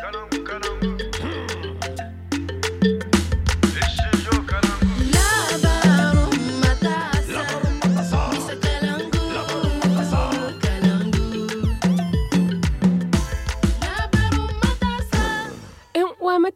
Caramba, caramba.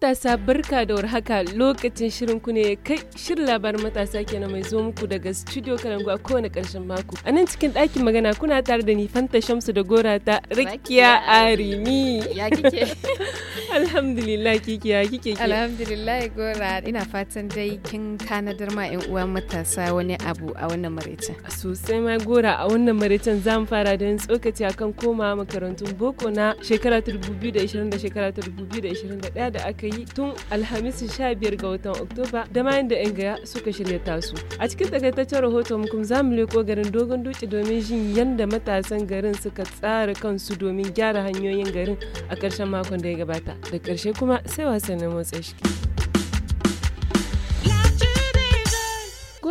matasa barka da warhaka lokacin shirin ku ne kai shirin labarin matasa ke na mai zo muku daga studio Kalangu a kowane karshen mako. A nan cikin ɗakin magana kuna tare da ni Fanta Shamsu da Gora ta Rikiya Arimi. Ya kike? Alhamdulillah kike ya kike ke. Alhamdulillah Gora ina fatan dai kin tanadar ma ƴan uwa matasa wani abu a wannan maraicin. Sosai ma Gora a wannan maraicin za mu fara da tsokaci akan koma makarantun boko na shekara ta 2020 da shekara ta 2021 da aka yi yi tun Alhamis 15 ga watan Oktoba da ma da 'yan gaya suka shirya tasu. A cikin takaitaccen rahoton kuma za mu leko garin Dogon Duci domin jin yadda matasan garin suka tsara kansu domin gyara hanyoyin garin a ƙarshen makon da ya gabata. Da ƙarshe kuma sai wasannin motsa shi.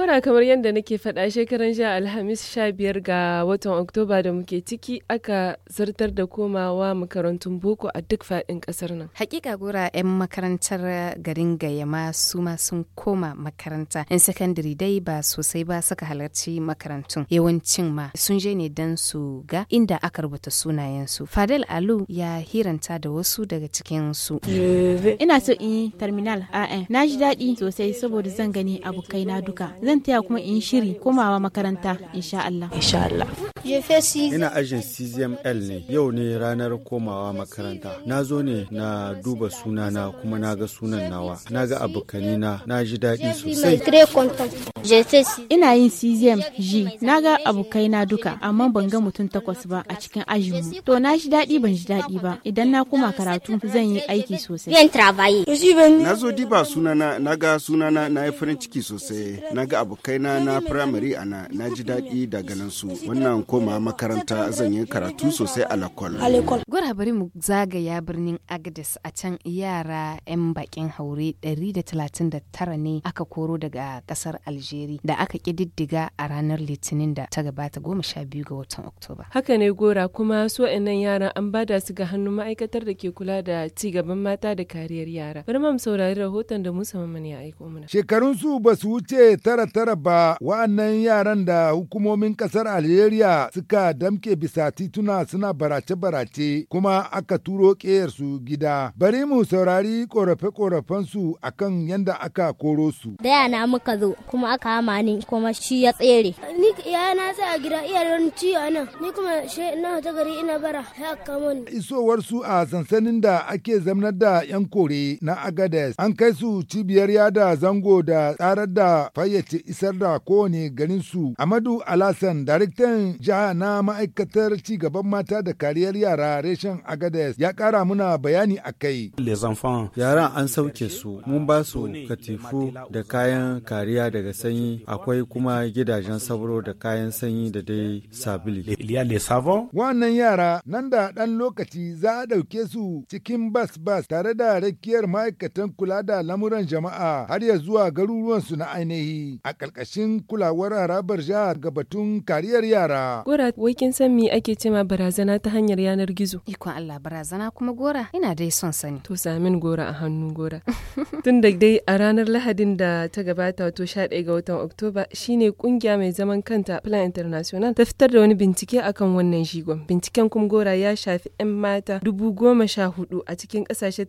Jagora kamar yadda nake faɗa shekaran jiya Alhamis sha biyar ga watan Oktoba da muke ciki aka zartar da komawa makarantun boko a duk faɗin ƙasar nan. Hakika gora 'yan makarantar garin Gayama su ma sun koma makaranta. 'Yan sakandare dai ba sosai ba suka halarci makarantun. Yawancin ma sun je ne dan su ga inda aka rubuta sunayensu. Fadel Alu ya hiranta da wasu daga cikin su. Ina so in terminal AN. Na ji daɗi sosai saboda zan gani abokaina duka. Zan zan taya kuma in shiri komawa makaranta insha Allah. Insha Allah. Ina ajin CZML ne, yau ne ranar komawa makaranta. Na zo ne na duba sunana kuma na ga sunan nawa. Na ga abokanina, na ji daɗi sosai. Ina yin CZM G, na ga abokaina duka, amma ban ga mutum takwas ba a cikin ajin mu. To na ji daɗi ban ji daɗi ba, idan na koma karatu zan yi aiki sosai. Na zo diba sunana, na ga sunana na yi farin ciki sosai. Na ga abokaina na firamare ana, na ji daɗi daga nan su. Wannan koma makaranta zan yi karatu sosai a lakwal. Gwara bari mu zagaya birnin Agadis a can yara 'yan bakin haure 139 ne aka koro daga kasar Algeria da aka kididdiga a ranar Litinin da ta gabata 12 ga watan Oktoba. Haka ne gora kuma su nan yara an bada su ga hannun ma'aikatar da ke kula da ci gaban mata da kariyar yara. Bari mu saurari rahoton da Musa Mamman ya aiko mana. Shekarun su basu wuce tara tara ba wa'annan yaran da hukumomin kasar Algeria suka damke bisa tituna suna barace-barace kuma aka turo su gida. Bari mu saurari ƙorafe su akan yadda aka koro su. Da yana muka zo kuma aka hama ni kuma shi ya tsere. Ni yana sai a gida iya ciwo nan ni kuma shi na ta gari ina bara ya kama ni. Isowar su a sansanin da ake zamanar da 'yan kore na Agades an kai su cibiyar yada zango da tsarar da fayyace isar da kowane garin su. Amadu Alasan, daraktan jihar Aisha na ma'aikatar ci gaban mata da kariyar yara reshen agadez ya kara muna bayani a kai. Yaran an sauke su, mun ba su katifu da kayan kariya daga sanyi, akwai kuma gidajen sauro da kayan sanyi da dai sabili. Wannan yara nan da ɗan lokaci za a ɗauke su cikin bas-bas tare da rakiyar ma'aikatan kula da lamuran jama'a har ya zuwa garuruwansu na ainihi a ƙarƙashin kulawar harabar jihar gabatun kariyar yara. Gora wai kin san me ake cema barazana ta hanyar yanar gizo? Iko Allah barazana kuma Gora ina dai son sani. To samin Gora a hannu Gora. Tun da dai a ranar Lahadin da ta gabata wato 11 ga watan Oktoba shine kungiya mai zaman kanta Plan International ta fitar da wani bincike akan wannan shigon. Binciken kuma Gora ya shafi 'yan mata dubu goma sha hudu a cikin kasashe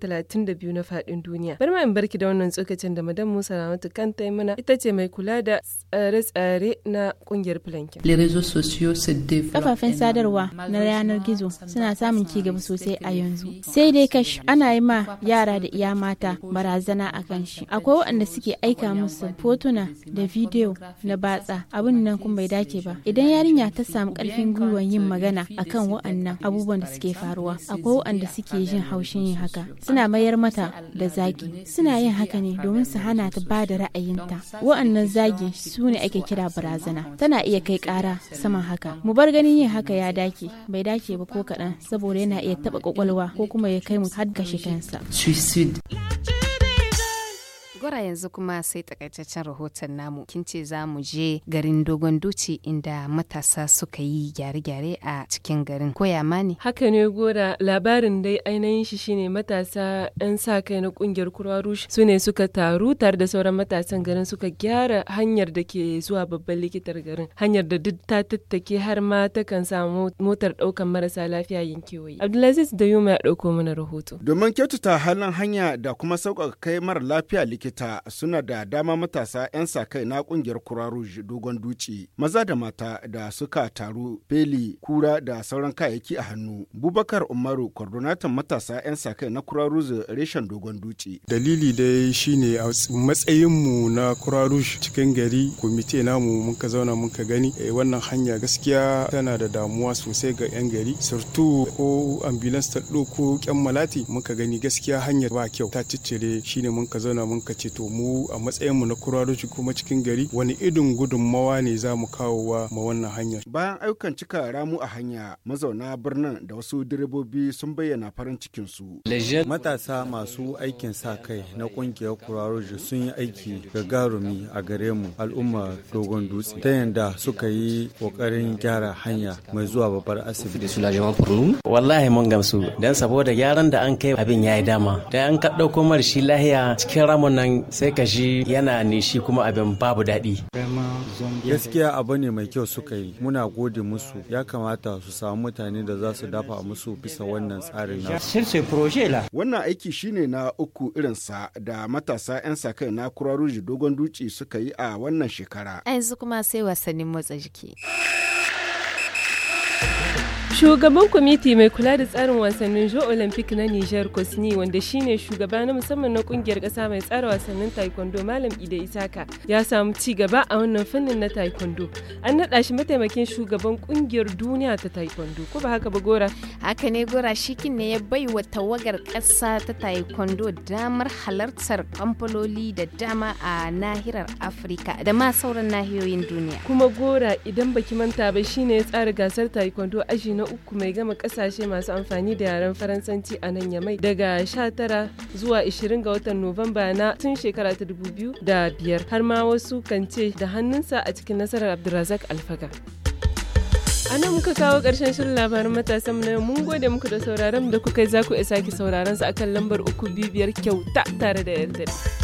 biyu na fadin duniya. Bar ma in barki da wannan tsokacin da Madam Musa Ramatu kanta mana ita ce mai kula da tsare-tsare na kungiyar Plan. Les réseaux sociaux Kafafen sadarwa na yanar gizo suna samun ci gaba sosai a yanzu. Sai dai kashi. ana yi ma yara da iya mata barazana a kan shi. Akwai waɗanda suke aika musu fotuna da bidiyo na batsa abin nan kuma bai dace ba. Idan yarinya ta samu ƙarfin gwiwar yin magana akan waɗannan abubuwan da suke faruwa. Akwai waɗanda suke jin haushin yin haka. Suna mayar mata da zagi. Suna yin haka ne domin su hana ta ba da ra'ayinta. Waɗannan zagi su ne ake kira barazana. Tana iya kai ƙara saman haka. haka mu bar ganin yin haka ya dake bai dake ba ko kaɗan saboda yana iya taɓa kwakwalwa ko kuma ya kai mu har kashe kansa. Suicide. gora yanzu kuma sai takaitaccen rahoton namu. Kin ce za mu je garin Dogon Duci inda matasa suka yi gyare-gyare a cikin garin. Koya ma ne? Haka ne gora labarin dai ainihin shi shine matasa 'yan sa kai na kungiyar Kurwa Rushe su ne suka taru tare da sauran matasan garin suka gyara hanyar da ke zuwa babban likitar garin. Hanyar da duk ta tattake har ma takan samu motar ɗaukan marasa lafiya yin kewaye. Abdulaziz da Yuma ya ɗauko mana rahoto. Domin kyautata halin hanya da kuma sauƙaƙa kai mara lafiya likita ta suna da dama matasa 'yan sa kai na kungiyar kura rouge dogon duci maza da mata da suka taru beli kura da sauran kayayyaki a hannu bubakar umaru coordinator matasa 'yan sa kai na kura rouge reshen dogon duci dalili dai shine a matsayinmu na kura rouge cikin gari kwamite namu mun ka zauna mun ka gani e, wannan hanya gaskiya tana da damuwa sosai ga 'yan gari surtu ko ambulance ta ko kyan malati mun ka gani gaskiya hanyar ba kyau ta ciccire shine mun ka zauna mun ka ce to mu a matsayin mu na kuraroci kuma cikin gari wani idin gudunmawa ne za mu kawo wa ma wannan hanya. Bayan ayyukan cika ramu a hanya mazauna birnin da wasu direbobi sun bayyana farin cikin su. Matasa masu aikin sa kai na kungiyar kuraroci sun yi aiki ga garumi a gare mu al'umma dogon dutse ta yanda suka yi kokarin gyara hanya mai zuwa babbar asibiti. Wallahi mun gamsu dan saboda gyaran da an kai abin ya yi dama da an ka ɗauko shi lahiya cikin ramun nan sai ka ji yana nishi kuma abin babu daɗi. Gaskiya abu ne mai kyau suka yi, muna gode musu ya kamata su samu mutane da za su dafa musu bisa wannan tsarin na. Wannan aiki shine na uku irinsa da matasa 'yan sa kai na Kuraruji Dogon Duci suka yi a wannan shekara. Yanzu kuma sai wasannin motsa jiki. Shugaban kwamiti mai kula da tsarin wasannin Jo Olympic na Nijar Kosni wanda shine shugaba na musamman na kungiyar ƙasa mai tsara wasannin Taekwondo Malam Ida Isaka ya samu ci gaba a wannan fannin na Taekwondo. An naɗa shi mataimakin shugaban kungiyar duniya ta Taekwondo ko ba haka ba Gora? Haka ne Gora shikin ne ya bai wa tawagar ƙasa ta Taekwondo damar halartar kamfaloli da dama a nahirar Afirka da ma sauran nahiyoyin duniya. Kuma Gora idan baki manta ba shine ya tsara gasar Taekwondo aji na na uku mai gama kasashe masu amfani da yaren faransanci a nan yamai daga 19 zuwa 20 ga watan nuwamba na tun shekara ta biyu da biyar har ma wasu kan ce da hannunsa a cikin nasarar abdulrazak alfaga A nan muka kawo ƙarshen shirin labarin matasan na mun gode muku da sauraron da kuka yi za ku isa ki sauraron su akan lambar uku bibiyar kyauta tare da yardar.